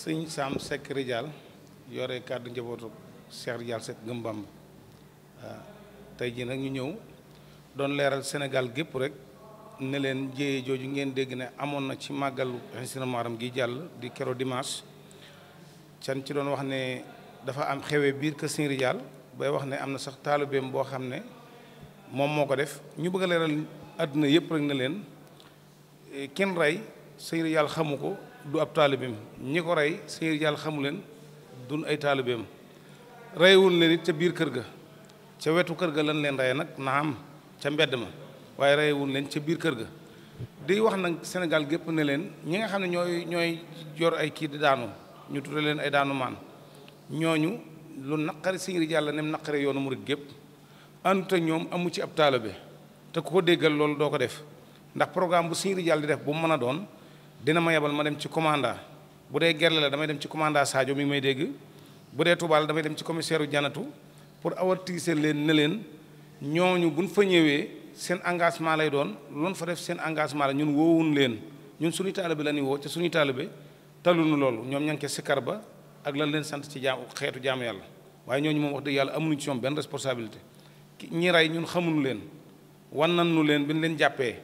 sëñ Sam Seck Ridial yore kàddu njabootu Cheikh Ridial Seck Gëm Bamba ah, tey jii nag ñu ñëw doon leeral Sénégal gépp rek ne leen jéeye jooju ngeen dégg ne amoon na ci màggalu Hissina Maram gi jàll di kero dimanche can ci doon wax ne dafa am xewe biir kër sëñ Ridial bay wax ne am na sax taalibeem boo xam ne moom moo ko def ñu bëgg a leeral àdduna yëpp rek ne leen eh, kenn rey sëñ Rijaal xamu ko du ab taalibeem ñi ko rey sëñ Rijaal xamu leen dun ay taalibeem reyewul leen it ca biir kër ga ca wetu kër ga lan leen reye nag naam ca mbedd ma waaye reyewul leen ca biir kër ga di wax nag senegal gépp ne leen ñi nga xam ne ñooy ñooy yor ay kii di daanu ñu tudde leen ay daanu maan ñooñu lu naqari sëñ Rijaal la nem naqari yoonu mu murit gépp àndut ñoom amu ci ab taalibe te ku ko déggal loolu doo ko def ndax programme bu sëñ Rijaal di def bu mu mën a doon dina ma yebal ma dem ci commanda bu dee gerle la damay dem ci commanda Sadio mi ngi may dégg bu dee Touba damay dem ci commissaire janatu pour avertir leen ne leen ñooñu buñ fa ñëwee seen engagement lay doon loon fa def seen engagement la ñun woowun leen ñun suñu taalibe la ñuy woo te suñu talu talunu loolu ñoom ña ngi koy sikkar ba ak lan leen sant ci jaam xeetu jaamu yàlla waaye ñooñu moom wax dëgg yàlla amuñu ci ñoom benn responsabilité ñi rey ñun xamuñu leen wan nan leen bi ñu leen jàppee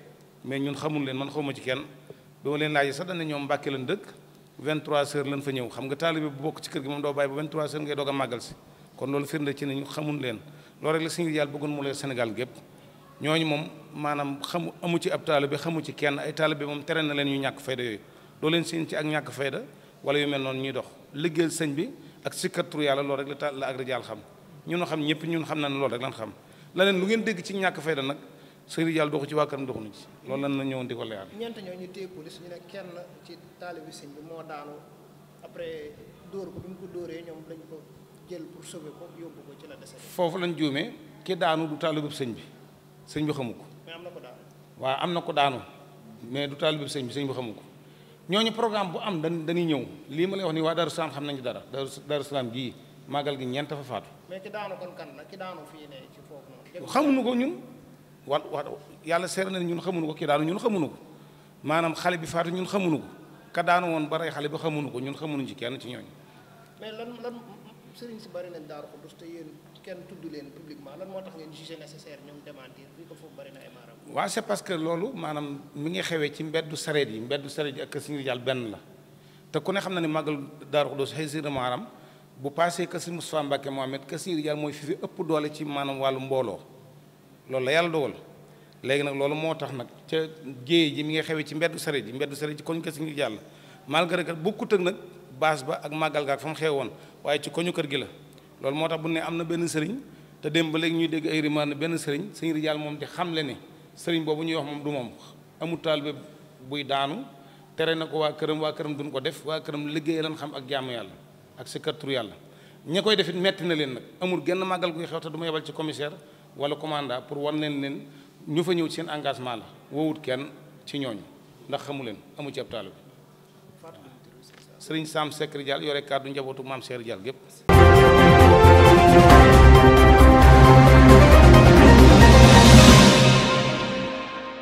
mais ñun xamuñu leen man xawma ci kenn bi ma leen laajee sax dañ ne ñoom Mbàkke lan dëkk 23h lan fa ñëw xam nga taalibe bu bokk ci kër gi moom doo bàyyi ba 23h ngay doog a màggal si kon loolu firnde ci ne ñu xamul leen loolu rek la moom maanaam xamu amu ci ab taalibe xamu ci kenn ay taalibe moom tere na leen ñu ñàkk fayda yooyu doo leen seen ci ak ñàkk fayda wala yu mel noonu ñuy dox liggéeyal sëñ bi ak sikkatru yàlla loolu rek la ta la ak rijaal xam ñun xam ñëpp ñun xam na ne loolu rek lan xam la leen lu ngeen dégg ci ñàkk fayda nag Sëriñ Diallo doxu ci waa kanam doxuñu ci loolu lan la ñëwoon di ko leeral. ñeent ñoo ñu téye police ñu ne kenn ci taalibi sëñ bi moo daanu après dóor ko bi mu ko dóoree ñoom dañ ko jël pour sauver ko yóbbu ko ci la dese. foofu lañ juumee ki daanu du taalibu sëñ bi sëñ bi xamu ko. mais am na ko daanu. mais du bi sëñ bi sëñ bi xamu ko ñooñu programme bu am dañuy dañuy ñëw lii ma lay wax nii waa Darou Salaam xam nañu dara Darou Salaam gii màggal gi ñeent fa wa wa yàlla seer na ñun xamuñu ko kii daanu ñun xamuñu maanaam xale bi faatu ñun xamuñu ko ka daanu woon ba xale bi xamuñu ko ñun xamuñu ci ci ñooñu. mais bari nañ Daaru te kenn tudd leen publiquement lan moo tax ngeen jugé nécessaire ñoom démentir bi ko parce que loolu maanaam mu ngi xewee ci mbeddu sareet yi mbeddu sareet yi ak kër Rijaal benn la te ku ne xam na ne màggal Daaru Xudoos xëy si maaram bu paasee kër si Moustapha Mbacke Mohamed kër Sëriñ Rijaal mooy fi fi ëpp doole ci maanaam wàllu mbooloo loolu la yàlla dogal léegi nag loolu moo tax nag ca géej ji mi ngi xewee ci mbeddu sare ji mbeddu sare ji koñ kër si ngir yàlla malgré que bokkut ak nag baas ba ak màggal gaak fa mu xew woon waaye ci koñu kër gi la loolu moo tax bu ne am na benn sëriñ te démb léegi ñuy dégg ay rimaan benn sëriñ sëñ rijaal moom di xamle ni sëriñ boobu ñu wax moom du moom amul taalibe buy daanu tere na ko waa këram waa këram duñ ko def waa këram liggéey lan xam ak jaamu yàlla ak sa kër tur yàlla ñi koy defit metti na leen nag amul genn màggal guy xew te du ma yebal ci commissaire wala commandant pour wan leen leen ñu fa ñëw seen engagement la woowut kenn ci ñooñu ndax xamu leen amu ci ab taalibe bi sëriñ Sam Sekri Diall yore kàddu njabootu maam Seeri Diall gépp